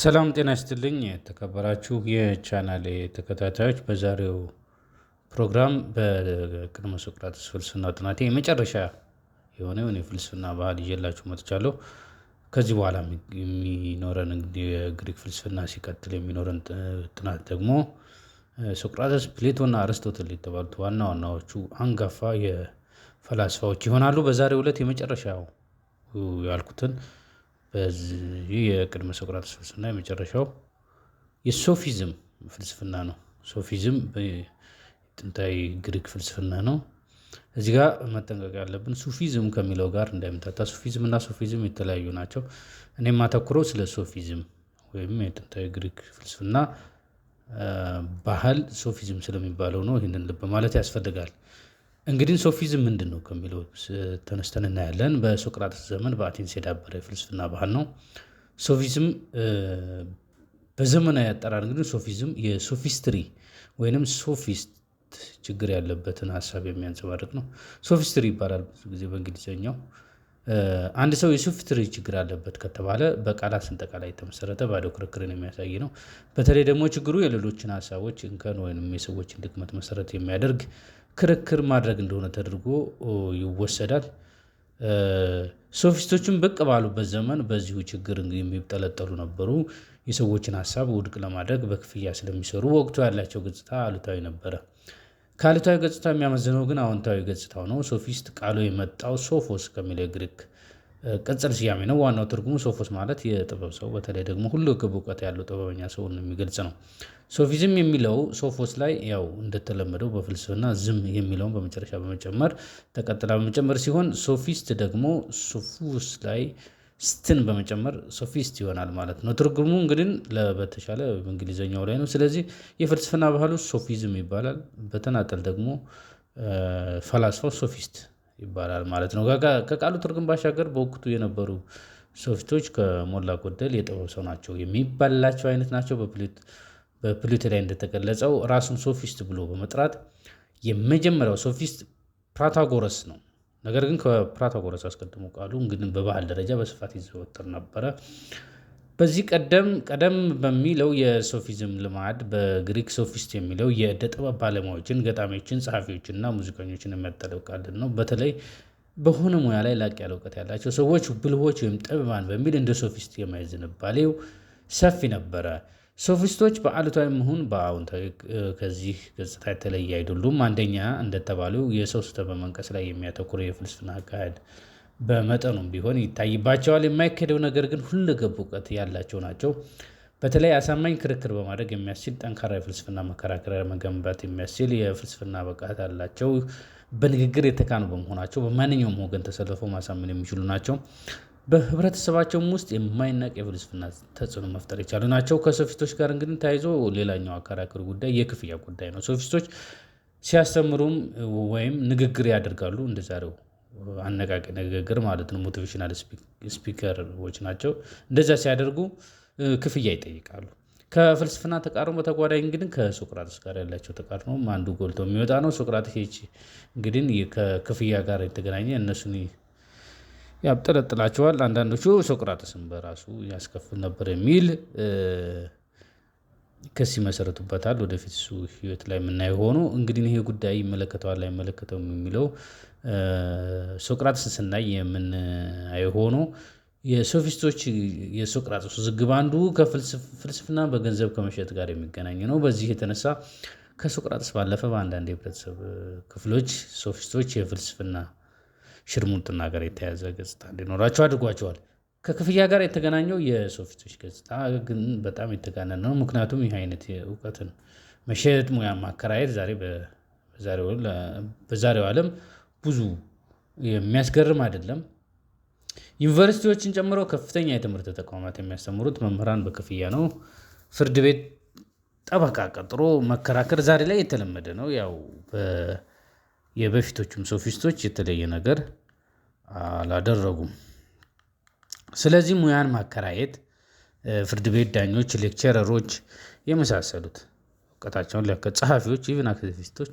ሰላም ጤና ይስጥልኝ። የተከበራችሁ የቻናሌ ተከታታዮች፣ በዛሬው ፕሮግራም በቅድመ ሶቅራጥስ ፍልስፍና ጥናቴ የመጨረሻ የሆነውን የፍልስፍና ባህል ይዤላችሁ መጥቻለሁ። ከዚህ በኋላ የሚኖረን የግሪክ ፍልስፍና ሲቀጥል የሚኖረን ጥናት ደግሞ ሶቅራጥስ፣ ፕሌቶና አርስቶትል የተባሉት ዋና ዋናዎቹ አንጋፋ የፈላስፋዎች ይሆናሉ። በዛሬው ዕለት የመጨረሻው ያልኩትን በዚህ የቅድመ ሶቅራጥስ ፍልስፍና የመጨረሻው የሶፊዝም ፍልስፍና ነው። ሶፊዝም ጥንታዊ ግሪክ ፍልስፍና ነው። እዚህ ጋር መጠንቀቅ ያለብን ሱፊዝም ከሚለው ጋር እንደምታታ ሱፊዝም እና ሶፊዝም የተለያዩ ናቸው። እኔም ማተኩረው ስለ ሶፊዝም ወይም የጥንታዊ ግሪክ ፍልስፍና ባህል ሶፊዝም ስለሚባለው ነው። ይህንን ልብ ማለት ያስፈልጋል። እንግዲህ ሶፊዝም ምንድን ነው ከሚለው ተነስተን እናያለን። በሶቅራጥስ ዘመን በአቴንስ የዳበረ የፍልስፍና ባህል ነው። ሶፊዝም በዘመናዊ አጠራር እንግዲህ ሶፊዝም የሶፊስትሪ ወይንም ሶፊስት ችግር ያለበትን ሀሳብ የሚያንጸባርቅ ነው። ሶፊስትሪ ይባላል ብዙ ጊዜ በእንግሊዝኛው። አንድ ሰው የሶፊስትሪ ችግር አለበት ከተባለ በቃላት ስንጠቃ ላይ የተመሰረተ ባዶ ክርክርን የሚያሳይ ነው። በተለይ ደግሞ ችግሩ የሌሎችን ሀሳቦች እንከን ወይም የሰዎችን ድክመት መሰረት የሚያደርግ ክርክር ማድረግ እንደሆነ ተደርጎ ይወሰዳል። ሶፊስቶችም ብቅ ባሉበት ዘመን በዚሁ ችግር የሚጠለጠሉ ነበሩ። የሰዎችን ሀሳብ ውድቅ ለማድረግ በክፍያ ስለሚሰሩ ወቅቱ ያላቸው ገጽታ አሉታዊ ነበረ። ከአሉታዊ ገጽታ የሚያመዝነው ግን አዎንታዊ ገጽታው ነው። ሶፊስት ቃሉ የመጣው ሶፎስ ከሚለው ግሪክ ቅጽል ስያሜ ነው። ዋናው ትርጉሙ ሶፎስ ማለት የጥበብ ሰው በተለይ ደግሞ ሁሉ ግብ እውቀት ያለው ጥበበኛ ሰውን የሚገልጽ ነው። ሶፊዝም የሚለው ሶፎስ ላይ ያው እንደተለመደው በፍልስፍና ዝም የሚለውን በመጨረሻ በመጨመር ተቀጥላ በመጨመር ሲሆን ሶፊስት ደግሞ ሶፉስ ላይ ስትን በመጨመር ሶፊስት ይሆናል ማለት ነው። ትርጉሙ እንግዲህ በተሻለ በእንግሊዝኛው ላይ ነው። ስለዚህ የፍልስፍና ባህሉ ሶፊዝም ይባላል። በተናጠል ደግሞ ፈላስፋው ሶፊስት ይባላል ማለት ነው። ከቃሉ ትርጉም ባሻገር በወቅቱ የነበሩ ሶፊቶች ከሞላ ጎደል የጥበብ ሰው ናቸው የሚባላቸው አይነት ናቸው። በፕሉቶ ላይ እንደተገለጸው ራሱን ሶፊስት ብሎ በመጥራት የመጀመሪያው ሶፊስት ፕራታጎረስ ነው። ነገር ግን ከፕራታጎረስ አስቀድሞ ቃሉ እንግዲህ በባህል ደረጃ በስፋት ይዘወተር ነበረ። በዚህ ቀደም ቀደም በሚለው የሶፊዝም ልማድ በግሪክ ሶፊስት የሚለው የእደ ጥበብ ባለሙያዎችን፣ ገጣሚዎችን፣ ጸሐፊዎችንና ሙዚቀኞችን የሚያጠለው ቃል ነው። በተለይ በሆነ ሙያ ላይ ላቅ ያለ እውቀት ያላቸው ሰዎች ብልሆች ወይም ጠቢባን በሚል እንደ ሶፊስት የማየት ዝንባሌው ሰፊ ነበረ። ሶፊስቶች በአሉታዊ መሆን በአዎንታዊ ከዚህ ገጽታ የተለየ አይደሉም። አንደኛ እንደተባለው የሰው ስተ በመንቀስ ላይ የሚያተኩረው የፍልስፍና አካሄድ በመጠኑም ቢሆን ይታይባቸዋል። የማይካሄደው ነገር ግን ሁለገብ እውቀት ያላቸው ናቸው። በተለይ አሳማኝ ክርክር በማድረግ የሚያስችል ጠንካራ የፍልስፍና መከራከሪያ መገንባት የሚያስችል የፍልስፍና ብቃት አላቸው። በንግግር የተካኑ በመሆናቸው በማንኛውም ወገን ተሰልፈው ማሳመን የሚችሉ ናቸው። በህብረተሰባቸውም ውስጥ የማይናቅ የፍልስፍና ተጽዕኖ መፍጠር የቻሉ ናቸው። ከሶፊስቶች ጋር እንግዲህ ተያይዞ ሌላኛው አከራካሪ ጉዳይ የክፍያ ጉዳይ ነው። ሶፊስቶች ሲያስተምሩም ወይም ንግግር ያደርጋሉ እንደዛሬው አነቃቂ ንግግር ማለት ነው። ሞቲቬሽናል ስፒከሮች ናቸው። እንደዚያ ሲያደርጉ ክፍያ ይጠይቃሉ። ከፍልስፍና ተቃርኖ በተጓዳኝ እንግዲ ከሶቅራጥስ ጋር ያላቸው ነው አንዱ ጎልቶ የሚወጣ ነው። ሶቅራጥስ እንግዲህ ከክፍያ ጋር የተገናኘ እነሱን ያብጠለጥላቸዋል። አንዳንዶቹ ሶቅራጥስን በራሱ ያስከፍል ነበር የሚል ክስ ይመሰረቱበታል። ወደፊት እሱ ህይወት ላይ የምናየው ሆኖ እንግዲህ ይሄ ጉዳይ ይመለከተዋል አይመለከተውም የሚለው ሶቅራጥስ ስናይ የምናየው ሆኖ የሶፊስቶች የሶቅራጥስ ውዝግብ አንዱ ከፍልስፍና በገንዘብ ከመሸጥ ጋር የሚገናኝ ነው። በዚህ የተነሳ ከሶቅራጥስ ባለፈ በአንዳንድ የህብረተሰብ ክፍሎች ሶፊስቶች የፍልስፍና ሽርሙጥና ጋር የተያዘ ገጽታ እንዲኖራቸው አድርጓቸዋል። ከክፍያ ጋር የተገናኘው የሶፊስቶች ገጽታ ግን በጣም የተጋነነ ነው። ምክንያቱም ይህ አይነት እውቀትን መሸጥ፣ ሙያ ማከራየት ዛሬ በዛሬው ዓለም ብዙ የሚያስገርም አይደለም። ዩኒቨርሲቲዎችን ጨምሮ ከፍተኛ የትምህርት ተቋማት የሚያስተምሩት መምህራን በክፍያ ነው። ፍርድ ቤት ጠበቃ ቀጥሮ መከራከር ዛሬ ላይ የተለመደ ነው። ያው የበፊቶቹም ሶፊስቶች የተለየ ነገር አላደረጉም። ስለዚህ ሙያን ማከራየት ፍርድ ቤት ዳኞች፣ ሌክቸረሮች የመሳሰሉት እውቀታቸውን ጸሐፊዎች፣ ኢቭን አክቲቪስቶች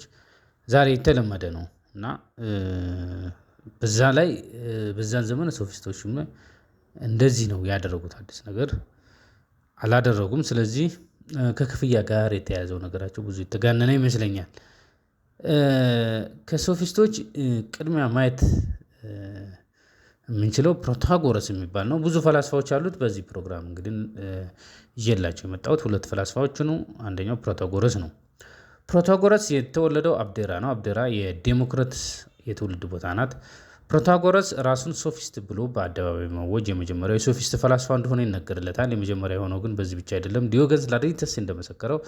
ዛሬ የተለመደ ነው። እና በዛ ላይ በዛን ዘመን ሶፊስቶችም እንደዚህ ነው ያደረጉት አዲስ ነገር አላደረጉም። ስለዚህ ከክፍያ ጋር የተያያዘው ነገራቸው ብዙ የተጋነነ ይመስለኛል። ከሶፊስቶች ቅድሚያ ማየት የምንችለው ፕሮታጎረስ የሚባል ነው። ብዙ ፈላስፋዎች አሉት። በዚህ ፕሮግራም እንግዲህ ይዤላቸው የመጣሁት ሁለት ፈላስፋዎች ነው። አንደኛው ፕሮታጎረስ ነው። ፕሮታጎረስ የተወለደው አብዴራ ነው። አብዴራ የዴሞክራት የትውልድ ቦታ ናት። ፕሮታጎረስ ራሱን ሶፊስት ብሎ በአደባባይ መወጅ የመጀመሪያው የሶፊስት ፈላስፋ እንደሆነ ይነገርለታል። የመጀመሪያ የሆነው ግን በዚህ ብቻ አይደለም። ዲዮገንስ ላርዲተስ እንደመሰከረው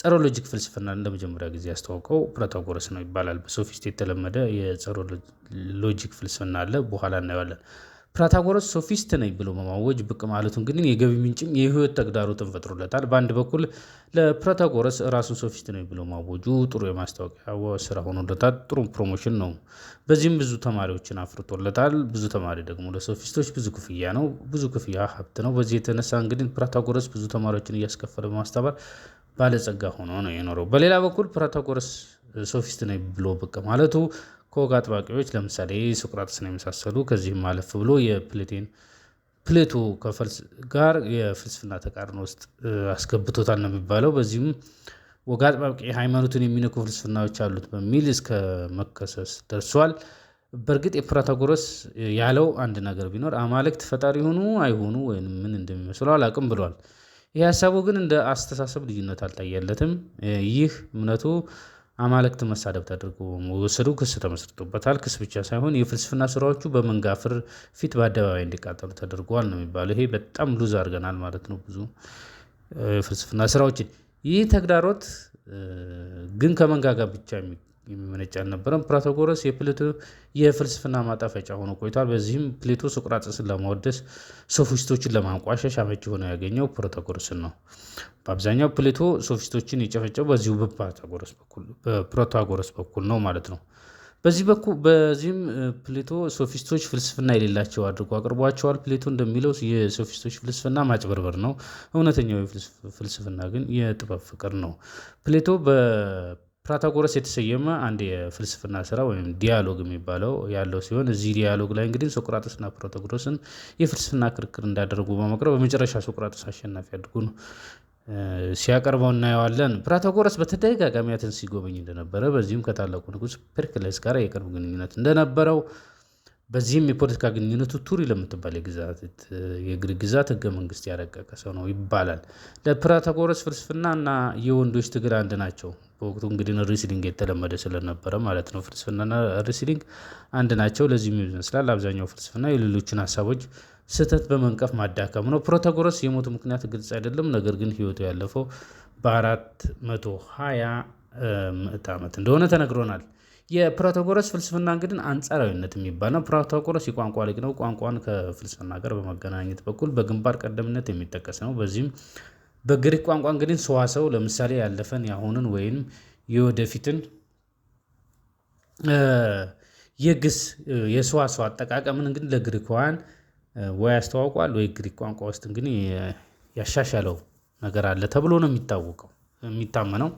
ጸሮሎጂክ ሎጂክ ፍልስፍና ለመጀመሪያ ጊዜ ያስተዋውቀው ፕሮታጎረስ ነው ይባላል። በሶፊስት የተለመደ የጸሮሎጂክ ፍልስፍና አለ፣ በኋላ እናየዋለን። ፕራታጎረስ ሶፊስት ነኝ ብሎ መማወጅ ብቅ ማለቱን ግን የገቢ ምንጭም የህይወት ተግዳሮትን ፈጥሮለታል። በአንድ በኩል ለፕራታጎረስ ራሱን ሶፊስት ነኝ ብሎ ማወጁ ጥሩ የማስታወቂያ ስራ ሆኖለታል። ጥሩ ፕሮሞሽን ነው። በዚህም ብዙ ተማሪዎችን አፍርቶለታል። ብዙ ተማሪ ደግሞ ለሶፊስቶች ብዙ ክፍያ ነው፣ ብዙ ክፍያ ሀብት ነው። በዚህ የተነሳ እንግዲህ ፕራታጎረስ ብዙ ተማሪዎችን እያስከፈለ በማስተማር ባለጸጋ ሆኖ ነው የኖረው። በሌላ በኩል ፕራታጎረስ ሶፊስት ነኝ ብሎ ብቅ ማለቱ ከወግ አጥባቂዎች ለምሳሌ ሶቅራጥስን የመሳሰሉ ከዚህም አለፍ ብሎ የፕሌቴን ፕሌቶ ከፈልስ ጋር የፍልስፍና ተቃርኖ ውስጥ አስገብቶታል ነው የሚባለው። በዚህም ወግ አጥባቂ ሃይማኖትን የሚነኩ ፍልስፍናዎች አሉት በሚል እስከ መከሰስ ደርሷል። በእርግጥ የፕራታጎረስ ያለው አንድ ነገር ቢኖር አማልክት ፈጣሪ ሆኑ አይሆኑ ወይም ምን እንደሚመስሉ አላቅም ብሏል። ይህ ሀሳቡ ግን እንደ አስተሳሰብ ልዩነት አልታየለትም። ይህ እምነቱ አማልክት መሳደብ ተደርጎ መወሰዱ ክስ ተመስርቶበታል። ክስ ብቻ ሳይሆን የፍልስፍና ስራዎቹ በመንጋ ፊት በአደባባይ እንዲቃጠሉ ተደርጓል ነው የሚባለው። ይሄ በጣም ሉዝ አድርገናል ማለት ነው ብዙ የፍልስፍና ስራዎችን። ይህ ተግዳሮት ግን ከመንጋ ጋር ብቻ የሚ የሚመነጭ አልነበረም። ፕራቶጎረስ የፕሌቶ የፍልስፍና ማጣፈጫ ሆኖ ቆይቷል። በዚህም ፕሌቶ ሶቅራጥስን ለማወደስ ሶፊስቶችን ለማንቋሸሽ አመቺ ሆነው ያገኘው ፕሮታጎረስን ነው። በአብዛኛው ፕሌቶ ሶፊስቶችን የጨፈጨው በዚሁ በፕሮታጎረስ በኩል ነው ማለት ነው። በዚህ በኩል በዚህም ፕሌቶ ሶፊስቶች ፍልስፍና የሌላቸው አድርጎ አቅርቧቸዋል። ፕሌቶ እንደሚለው የሶፊስቶች ፍልስፍና ማጭበርበር ነው፣ እውነተኛው ፍልስፍና ግን የጥበብ ፍቅር ነው። ፕሌቶ ፕራታጎረስ የተሰየመ አንድ የፍልስፍና ስራ ወይም ዲያሎግ የሚባለው ያለው ሲሆን እዚህ ዲያሎግ ላይ እንግዲህ ሶቅራጥስና ፕራታጎረስን የፍልስፍና ክርክር እንዳደረጉ በመቅረብ በመጨረሻ ሶቅራጥስ አሸናፊ አድርጎ ነው ሲያቀርበው እናየዋለን። ፕራታጎረስ በተደጋጋሚ አቴንስ ሲጎበኝ እንደነበረ በዚህም ከታላቁ ንጉስ ፔርክሌስ ጋር የቅርብ ግንኙነት እንደነበረው በዚህም የፖለቲካ ግንኙነቱ ቱሪ ለምትባል የግሪክ ግዛት ህገ መንግስት ያረቀቀ ሰው ነው ይባላል። ለፕራታጎረስ ፍልስፍና እና የወንዶች ትግል አንድ ናቸው። በወቅቱ እንግዲህ ሪስሊንግ የተለመደ ስለነበረ ማለት ነው። ፍልስፍናና ሪስሊንግ አንድ ናቸው። ለዚህም ይመስላል አብዛኛው ፍልስፍና የሌሎችን ሀሳቦች ስህተት በመንቀፍ ማዳከም ነው። ፕሮታጎረስ የሞቱ ምክንያት ግልጽ አይደለም። ነገር ግን ህይወቱ ያለፈው በ 420 ምዕት ዓመት እንደሆነ ተነግሮናል። የፕሮታጎረስ ፍልስፍና እንግዲህ አንጻራዊነት የሚባል ነው። ፕሮታጎረስ የቋንቋ ሊቅ ነው። ቋንቋን ከፍልስፍና ጋር በማገናኘት በኩል በግንባር ቀደምነት የሚጠቀስ ነው። በዚህም በግሪክ ቋንቋ እንግዲህ ሰዋሰው ለምሳሌ ያለፈን የአሁንን ወይም የወደፊትን የግስ የሰዋሰው አጠቃቀምን እንግዲህ ለግሪካውያን ወይ ያስተዋውቋል ወይ ግሪክ ቋንቋ ውስጥ እንግዲህ ያሻሻለው ነገር አለ ተብሎ ነው የሚታወቀው የሚታመነው።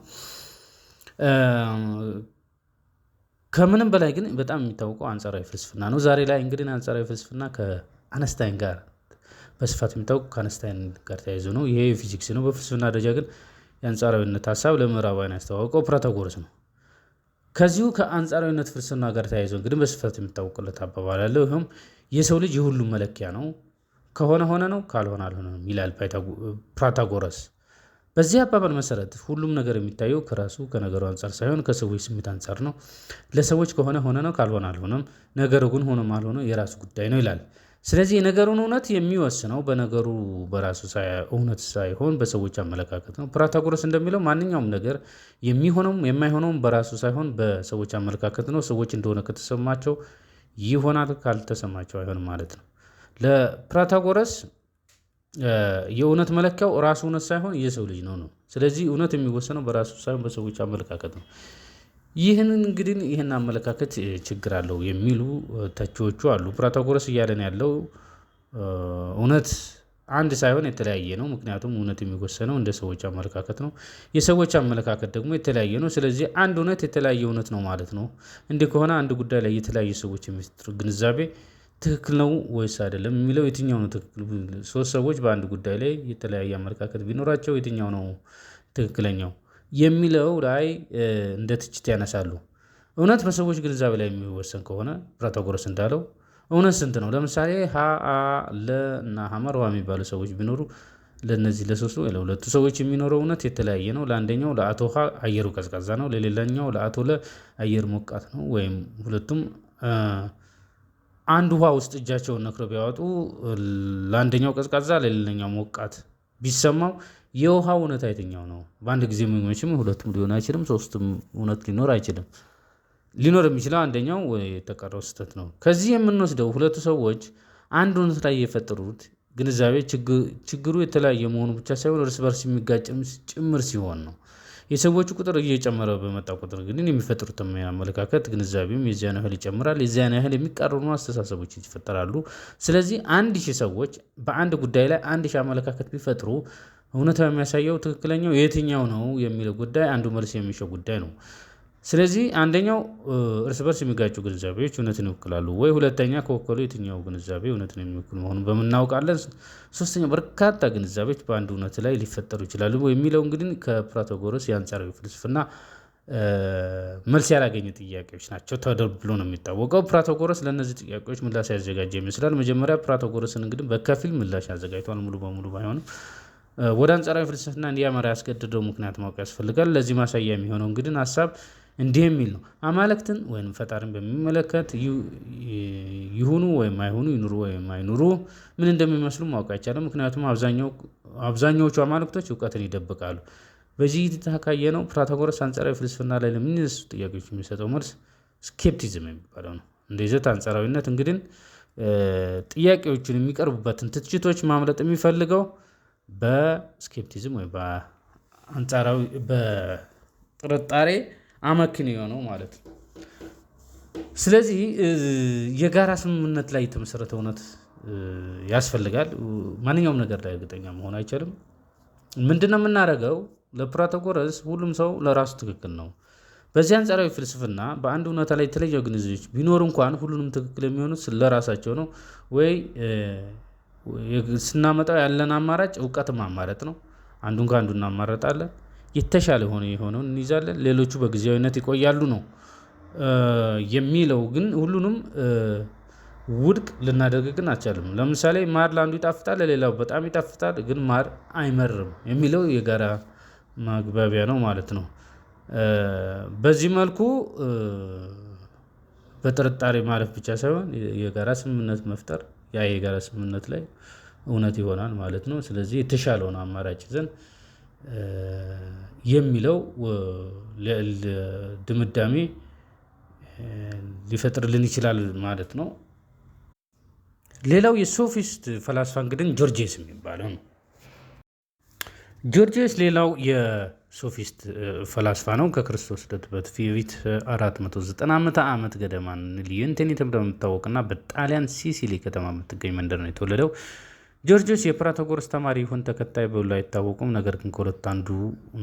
ከምንም በላይ ግን በጣም የሚታወቀው አንጻራዊ ፍልስፍና ነው። ዛሬ ላይ እንግዲህ አንጻራዊ ፍልስፍና ከአነስታይን ጋር በስፋት የሚታወቅ ከአንስታይን ጋር ተያይዞ ነው። ይሄ የፊዚክስ ነው። በፍልስፍና ደረጃ ግን የአንጻራዊነት ሀሳብ ለምዕራባውያን ያስተዋወቀው ፕራታጎረስ ነው። ከዚሁ ከአንጻራዊነት ፍልስፍና ጋር ተያይዞ እንግዲህ በስፋት የሚታወቅለት አባባል አለው። ይኸውም የሰው ልጅ የሁሉም መለኪያ ነው፣ ከሆነ ሆነ ነው፣ ካልሆነ አልሆነም ይላል ፕራታጎረስ። በዚህ አባባል መሰረት ሁሉም ነገር የሚታየው ከራሱ ከነገሩ አንጻር ሳይሆን ከሰዎች ስሜት አንጻር ነው። ለሰዎች ከሆነ ሆነ ነው፣ ካልሆነ አልሆነም፣ ነገሩ ግን ሆኖም አልሆነ የራሱ ጉዳይ ነው ይላል። ስለዚህ የነገሩን እውነት የሚወስነው በነገሩ በራሱ እውነት ሳይሆን በሰዎች አመለካከት ነው። ፕራታጎረስ እንደሚለው ማንኛውም ነገር የሚሆነውም የማይሆነውም በራሱ ሳይሆን በሰዎች አመለካከት ነው። ሰዎች እንደሆነ ከተሰማቸው ይሆናል፣ ካልተሰማቸው አይሆንም ማለት ነው። ለፕራታጎረስ የእውነት መለኪያው ራሱ እውነት ሳይሆን የሰው ልጅ ነው ነው። ስለዚህ እውነት የሚወሰነው በራሱ ሳይሆን በሰዎች አመለካከት ነው። ይህንን እንግዲህ ይህን አመለካከት ችግር አለው የሚሉ ተቺዎቹ አሉ። ፕሮታጎረስ እያለን ያለው እውነት አንድ ሳይሆን የተለያየ ነው። ምክንያቱም እውነት የሚወሰነው እንደ ሰዎች አመለካከት ነው። የሰዎች አመለካከት ደግሞ የተለያየ ነው። ስለዚህ አንድ እውነት የተለያየ እውነት ነው ማለት ነው። እንዲህ ከሆነ አንድ ጉዳይ ላይ የተለያዩ ሰዎች የሚሰጡት ግንዛቤ ትክክል ነው ወይስ አይደለም የሚለው የትኛው ነው ትክክል? ሶስት ሰዎች በአንድ ጉዳይ ላይ የተለያየ አመለካከት ቢኖራቸው የትኛው ነው ትክክለኛው? የሚለው ላይ እንደ ትችት ያነሳሉ። እውነት በሰዎች ግንዛቤ ላይ የሚወሰን ከሆነ ፕሮታጎረስ እንዳለው እውነት ስንት ነው? ለምሳሌ ሀ፣ አ፣ ለ እና ሀመር ውሃ የሚባሉ ሰዎች ቢኖሩ ለነዚህ ለሶስቱ ወይ ለሁለቱ ሰዎች የሚኖረው እውነት የተለያየ ነው። ለአንደኛው ለአቶ ሀ አየሩ ቀዝቃዛ ነው፣ ለሌላኛው ለአቶ ለ አየር ሞቃት ነው። ወይም ሁለቱም አንድ ውሃ ውስጥ እጃቸውን ነክረው ቢያወጡ ለአንደኛው ቀዝቃዛ ለሌላኛው ሞቃት ቢሰማው የውሃ እውነት የትኛው ነው? በአንድ ጊዜ መቼም ሁለትም ሊሆን አይችልም፣ ሶስትም እውነት ሊኖር አይችልም። ሊኖር የሚችለው አንደኛው የተቀረው ስህተት ነው። ከዚህ የምንወስደው ሁለቱ ሰዎች አንድ እውነት ላይ የፈጠሩት ግንዛቤ ችግሩ የተለያየ መሆኑ ብቻ ሳይሆን እርስ በርስ የሚጋጭም ጭምር ሲሆን ነው። የሰዎቹ ቁጥር እየጨመረ በመጣ ቁጥር ግን የሚፈጥሩት አመለካከት ግንዛቤም የዚያን ያህል ይጨምራል። የዚያን ያህል የሚቃረኑ አስተሳሰቦች ይፈጠራሉ። ስለዚህ አንድ ሺህ ሰዎች በአንድ ጉዳይ ላይ አንድ ሺህ አመለካከት ቢፈጥሩ እውነታው የሚያሳየው ትክክለኛው የትኛው ነው የሚለው ጉዳይ አንዱ መልስ የሚሻው ጉዳይ ነው። ስለዚህ አንደኛው እርስ በርስ የሚጋጩ ግንዛቤዎች እውነትን ይወክላሉ ወይ? ሁለተኛ ከወከሉ የትኛው ግንዛቤ እውነትን የሚወክል መሆኑን በምናውቃለን። ሶስተኛው በርካታ ግንዛቤዎች በአንድ እውነት ላይ ሊፈጠሩ ይችላሉ የሚለው እንግዲህ ከፕራቶጎረስ የአንጻራዊ ፍልስፍና መልስ ያላገኘ ጥያቄዎች ናቸው ተደብሎ ነው የሚታወቀው። ፕራቶጎረስ ለእነዚህ ጥያቄዎች ምላሽ ያዘጋጀ ይመስላል። መጀመሪያ ፕራቶጎረስን እንግዲህ በከፊል ምላሽ አዘጋጅቷል፣ ሙሉ በሙሉ ባይሆንም ወደ አንጻራዊ ፍልስፍና እንዲያመራ ያስገድደው ምክንያት ማወቅ ያስፈልጋል። ለዚህ ማሳያ የሚሆነው እንግዲህ ሀሳብ እንዲህ የሚል ነው። አማልክትን ወይም ፈጣሪን በሚመለከት ይሁኑ ወይም አይሁኑ፣ ይኑሩ ወይም አይኑሩ ምን እንደሚመስሉ ማወቅ አይቻልም። ምክንያቱም አብዛኛዎቹ አማልክቶች እውቀትን ይደብቃሉ። በዚህ የተካየ ነው ፕራታጎረስ አንጻራዊ ፍልስፍና ላይ ለሚነሱ ጥያቄዎች የሚሰጠው መልስ ስኬፕቲዝም የሚባለው ነው። ይዘት አንጻራዊነት እንግዲህ ጥያቄዎቹን የሚቀርቡበትን ትችቶች ማምለጥ የሚፈልገው በስኬፕቲዝም ወይ በአንጻራዊ በጥርጣሬ አመክን የሆነው ማለት ነው። ስለዚህ የጋራ ስምምነት ላይ የተመሰረተ እውነት ያስፈልጋል። ማንኛውም ነገር ላይ እርግጠኛ መሆን አይቻልም። ምንድነው የምናደርገው? ለፕሮታጎረስ ሁሉም ሰው ለራሱ ትክክል ነው። በዚህ አንጻራዊ ፍልስፍና በአንድ እውነታ ላይ የተለየ ግንዛቤዎች ቢኖር እንኳን ሁሉንም ትክክል የሚሆኑት ለራሳቸው ነው ወይ ስናመጣው ያለን አማራጭ እውቀት ማማረጥ ነው። አንዱን ከአንዱ እናማረጣለን። የተሻለ የሆነ የሆነውን እንይዛለን ሌሎቹ በጊዜያዊነት ይቆያሉ ነው። የሚለው ግን ሁሉንም ውድቅ ልናደርግ ግን አልቻልንም። ለምሳሌ ማር ለአንዱ ይጣፍጣል ለሌላው በጣም ይጣፍጣል ግን ማር አይመርም የሚለው የጋራ መግባቢያ ነው ማለት ነው። በዚህ መልኩ በጥርጣሬ ማለፍ ብቻ ሳይሆን የጋራ ስምምነት መፍጠር ያ የጋራ ስምምነት ላይ እውነት ይሆናል ማለት ነው። ስለዚህ የተሻለውን አማራጭ ይዘን የሚለው ድምዳሜ ሊፈጥርልን ይችላል ማለት ነው። ሌላው የሶፊስት ፈላስፋ እንግዲህ ጆርጂየስ የሚባለው ነው። ጆርጂየስ ሌላው ሶፊስት ፈላስፋ ነው። ከክርስቶስ ልደት በፊት 490 ዓመት ገደማ ሊዩንቴኒ የምታወቅ የምታወቅና በጣሊያን ሲሲሊ ከተማ የምትገኝ መንደር ነው የተወለደው። ጆርጆስ የፕራቶጎረስ ተማሪ ይሁን ተከታይ በሉ አይታወቁም። ነገር ግን ከሁለት አንዱ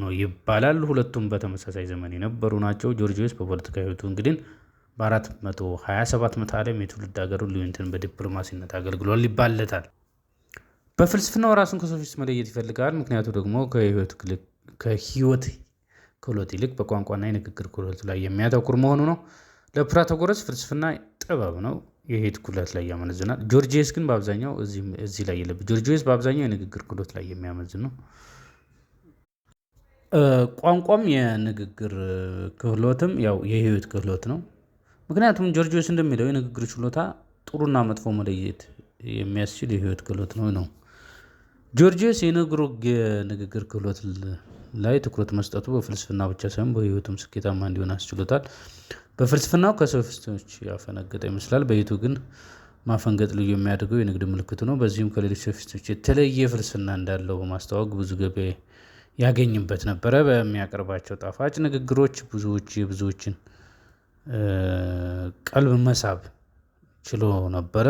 ነው ይባላል። ሁለቱም በተመሳሳይ ዘመን የነበሩ ናቸው። ጆርጆስ በፖለቲካ ህይወቱ እንግዲህ በ427 ዓመት ዓለም የትውልድ ሀገሩ ሊዩንትን በዲፕሎማሲነት አገልግሏል ይባለታል። በፍልስፍናው ራሱን ከሶፊስት መለየት ይፈልጋል። ምክንያቱ ደግሞ ከህይወት ከህይወት ክህሎት ይልቅ በቋንቋና የንግግር ክህሎት ላይ የሚያተኩር መሆኑ ነው። ለፕራቶጎረስ ፍልስፍና ጥበብ ነው። የህይወት ክህሎት ላይ ያመነዝናል። ጆርጂየስ ግን በአብዛኛው እዚህ ላይ የለም። ጆርጂየስ በአብዛኛው የንግግር ክህሎት ላይ የሚያመዝን ነው። ቋንቋም የንግግር ክህሎትም ያው የህይወት ክህሎት ነው። ምክንያቱም ጆርጂየስ እንደሚለው የንግግር ችሎታ ጥሩና መጥፎ መለየት የሚያስችል የህይወት ክህሎት ነው ነው ጆርጂየስ የንግግር ክህሎት ላይ ትኩረት መስጠቱ በፍልስፍና ብቻ ሳይሆን በህይወቱም ስኬታማ እንዲሆን አስችሎታል። በፍልስፍናው ከሶፊስቶች ያፈነገጠ ይመስላል በይቱ ግን ማፈንገጥ ልዩ የሚያደርገው የንግድ ምልክቱ ነው። በዚህም ከሌሎች ሶፊስቶች የተለየ ፍልስፍና እንዳለው በማስተዋወቅ ብዙ ገቢ ያገኝበት ነበረ። በሚያቀርባቸው ጣፋጭ ንግግሮች ብዙዎች የብዙዎችን ቀልብ መሳብ ችሎ ነበረ።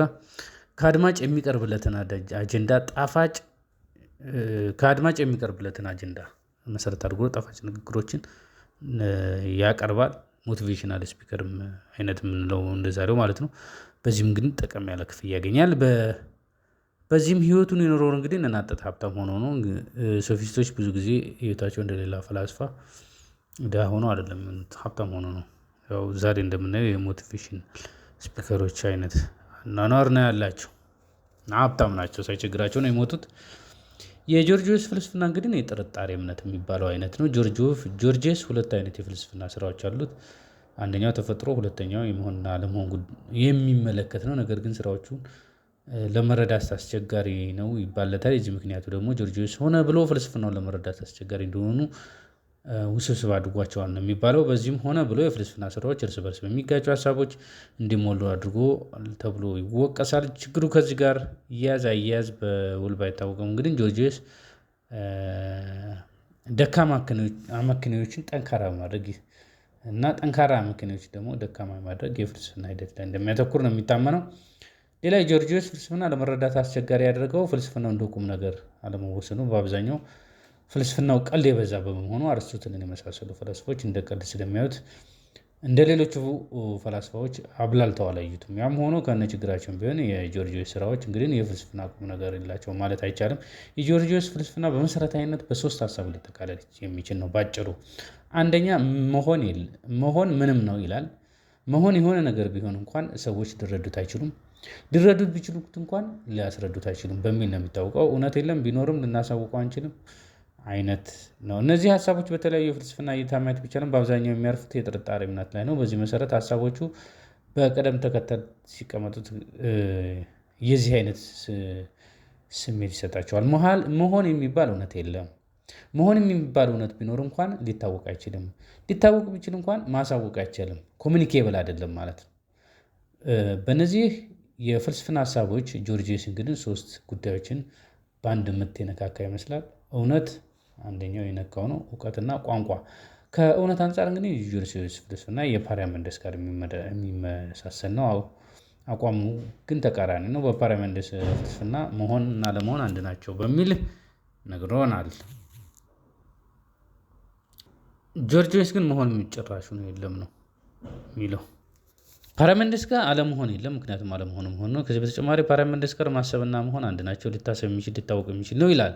ከአድማጭ የሚቀርብለትን አጀንዳ ጣፋጭ ከአድማጭ የሚቀርብለትን አጀንዳ መሰረት አድርጎ ጣፋጭ ንግግሮችን ያቀርባል። ሞቲቬሽናል ስፒከር አይነት የምንለው እንደዛሬው ማለት ነው። በዚህም ግን ጠቀም ያለ ክፍያ ያገኛል። በዚህም ህይወቱን የኖረው እንግዲህ እናጠት ሀብታም ሆኖ ነው። ሶፊስቶች ብዙ ጊዜ ህይወታቸው እንደሌላ ፈላስፋ ድሃ ሆኖ አይደለም ሀብታም ሆኖ ነው። ያው ዛሬ እንደምናየው የሞቲቬሽን ስፒከሮች አይነት አኗኗር ነው ያላቸው እና ሀብታም ናቸው። ሳይቸግራቸው ነው የሞቱት። የጆርጅስ ፍልስፍና እንግዲህ የጥርጣሬ እምነት የሚባለው አይነት ነው። ጆርጅስ ሁለት አይነት የፍልስፍና ስራዎች አሉት። አንደኛው ተፈጥሮ፣ ሁለተኛው የመሆንና አለመሆን የሚመለከት ነው። ነገር ግን ስራዎቹን ለመረዳት አስቸጋሪ ነው ይባለታል። የዚህ ምክንያቱ ደግሞ ጆርጅስ ሆነ ብሎ ፍልስፍናውን ለመረዳት አስቸጋሪ እንደሆኑ ውስብስብ አድርጓቸዋል ነው የሚባለው። በዚህም ሆነ ብሎ የፍልስፍና ስራዎች እርስ በርስ በሚጋጩ ሀሳቦች እንዲሞሉ አድርጎ ተብሎ ይወቀሳል። ችግሩ ከዚህ ጋር እያያዝ አያያዝ በውል ባይታወቅም እንግዲህ ጆርጅስ ደካማ አመክንዮዎችን ጠንካራ ማድረግ እና ጠንካራ አመክንዮዎች ደግሞ ደካማ ማድረግ የፍልስፍና ሂደት ላይ እንደሚያተኩር ነው የሚታመነው። ሌላ የጆርጂየስ ፍልስፍና ለመረዳት አስቸጋሪ ያደረገው ፍልስፍናው እንደ ቁም ነገር አለመወሰኑ በአብዛኛው ፍልስፍናው ቀልድ የበዛ በመሆኑ አርስቶትልን የመሳሰሉ ፈላስፎች እንደ ቀልድ ስለሚያዩት እንደ ሌሎቹ ፈላስፋዎች አብላልተው አላዩትም። ያም ሆኖ ከነ ችግራቸውን ቢሆን የጆርጂዮስ ስራዎች እንግዲህ የፍልስፍና ቁም ነገር የላቸው ማለት አይቻልም። የጆርጂዮስ ፍልስፍና በመሰረታዊነት በሶስት ሀሳብ ሊጠቃለል የሚችል ነው ባጭሩ። አንደኛ መሆን መሆን ምንም ነው ይላል። መሆን የሆነ ነገር ቢሆን እንኳን ሰዎች ሊረዱት አይችሉም። ሊረዱት ቢችሉት እንኳን ሊያስረዱት አይችሉም በሚል ነው የሚታወቀው። እውነት የለም ቢኖርም ልናሳውቀው አንችልም። አይነት ነው። እነዚህ ሀሳቦች በተለያዩ የፍልስፍና እይታ ማየት ቢቻልም በአብዛኛው የሚያርፉት የጥርጣሬ እምነት ላይ ነው። በዚህ መሰረት ሀሳቦቹ በቅደም ተከተል ሲቀመጡት የዚህ አይነት ስሜት ይሰጣቸዋል። መሆን የሚባል እውነት የለም። መሆን የሚባል እውነት ቢኖር እንኳን ሊታወቅ አይችልም። ሊታወቅ ቢችል እንኳን ማሳወቅ አይቻልም። ኮሚኒኬብል አይደለም ማለት ነው። በእነዚህ የፍልስፍና ሀሳቦች ጆርጅ ዊልሰን ሶስት ጉዳዮችን በአንድ ምት የነካካ ይመስላል እውነት አንደኛው የነካው ነው እውቀትና ቋንቋ። ከእውነት አንጻር እንግዲህ ጁልሲዩስ ፍልስፍና የፓርያመንደስ ጋር የሚመሳሰል ነው። አቋሙ ግን ተቃራኒ ነው። በፓርያመንደስ ፍልስፍና መሆን እና ለመሆን አንድ ናቸው በሚል ነግሮናል። ጆርጂዮስ ግን መሆን የሚጨራሹ ነው የለም ነው የሚለው ፓራመንደስ ጋር አለመሆን የለም፣ ምክንያቱም አለመሆን መሆን ነው። ከዚህ በተጨማሪ ፓራመንደስ ጋር ማሰብና መሆን አንድ ናቸው፣ ሊታሰብ የሚችል ሊታወቅ የሚችል ነው ይላል።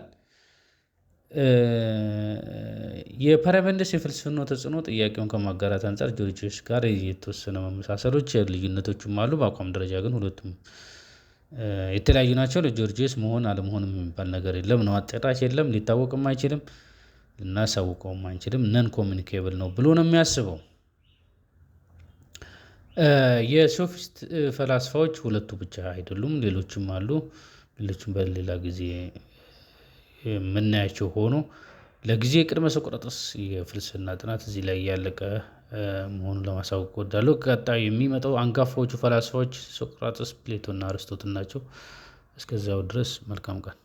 የፓራቬንደስ የፍልስፍና ተጽዕኖ ጥያቄውን ከማጋራት አንጻር ጆርጂዎች ጋር የተወሰነ መመሳሰሎች ልዩነቶችም አሉ። በአቋም ደረጃ ግን ሁለቱም የተለያዩ ናቸው። ለጆርጅስ መሆን አለመሆንም የሚባል ነገር የለም ነው አጨራሽ የለም። ሊታወቅም አይችልም ልናሳውቀውም አንችልም። ነን ኮሚኒኬብል ነው ብሎ ነው የሚያስበው። የሶፊስት ፈላስፋዎች ሁለቱ ብቻ አይደሉም፣ ሌሎችም አሉ። ሌሎችም በሌላ ጊዜ የምናያቸው ሆኖ ለጊዜ ቅድመ ሶቅራጥስ የፍልስፍና ጥናት እዚህ ላይ ያለቀ መሆኑን ለማሳወቅ እወዳለሁ። ቀጣዩ የሚመጣው አንጋፋዎቹ ፈላስፋዎች ሶቅራጥስ፣ ፕሌቶና አርስቶትን ናቸው። እስከዚያው ድረስ መልካም ቀን